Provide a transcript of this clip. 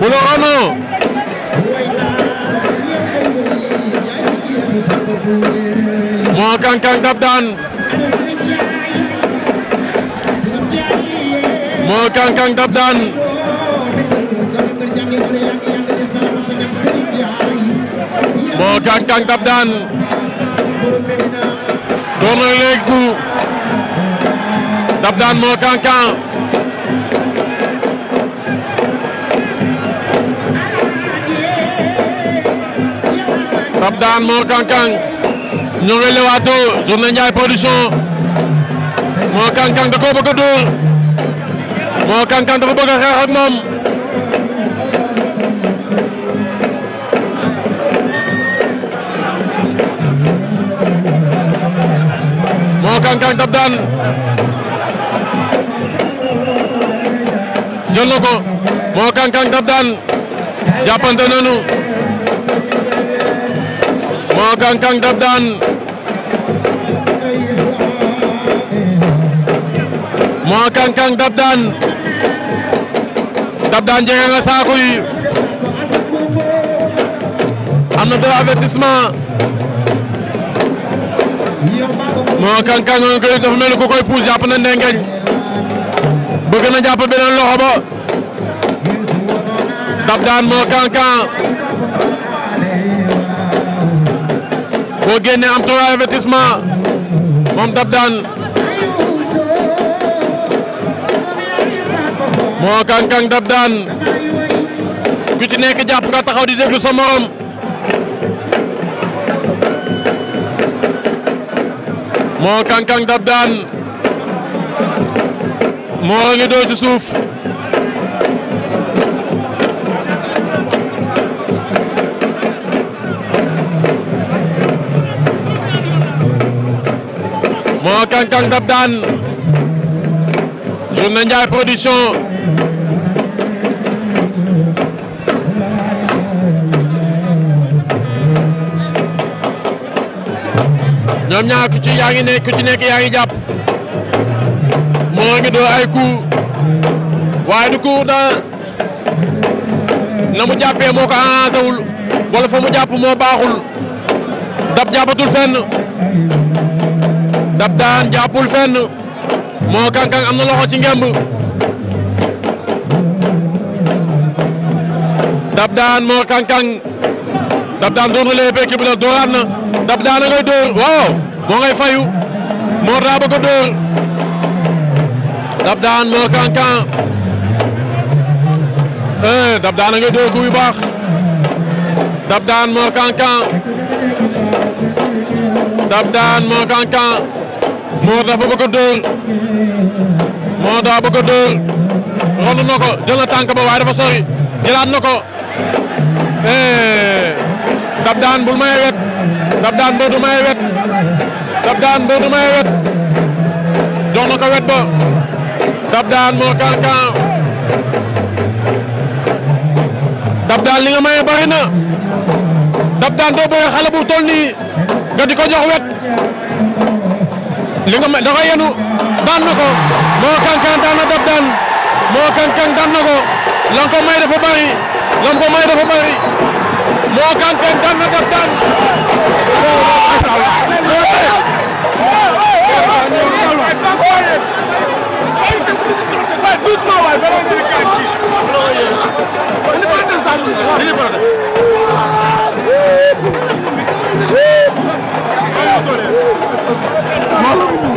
Bulo Ono moo Kang Kang daan moo Kang Kang dab daan moo Kang moo Kang Rabdane Mor Kang Kang ñoo ngi leewaato journée production Mor Kang Kang da koo bëgg a dóor Mor Kang Kang dafa bëgg a xeex ak moom Mor moo Kang Kang daf daan nga saako am na deux avertissement moo Kang Kang dafa mel ni koy puus jàpp na ndengeñ bëgg na jàpp beneen loxo ba daf moo Kang boo génnee am trois avertissement moom Dab Dane moo Kang Kang Dab Dane ku ci nekk jàpp nga taxaw di déglu sa morom moo Kang Kang Dab Dane moo ngi doo ci suuf moo Kang Kang dab daan journée production ñoom ñaar ku ci yaa ngi nekk ku yaa ngi jàpp moo ngi doo ay coup waaye du coup na mu jàppee moo ko arrangé wala fa mu jàpp moo baaxul dab jàppatul fenn. Dab Daan jàppul fenn Mor Kang am na loxo ci ngemb Dab Daan Mor Kang Kang Dab Daan doon na lépp na Dab a ngay dóor waaw moo ngay fayu Mor daa bëgg a dóor Dab Daan Mor Kang eh, a ngay dóor ku baax Dab Daan Mor Kang Kang Dab moo dafa bëgg a moo daa bëgg a ronu na ko jël na tànk ba waaye dafa sori jëlaat na ko eh, dab daan bul may wet dab daan boo du may wet dab daan boo du may wet jox na ko wet ba dab daan moo kan dab daan li nga maye bari na dab daan doo bëgg xale bu toll nii nga di ko jox wet li nga ma da nga yenu daan na moo kankan daan na may dafa bari bari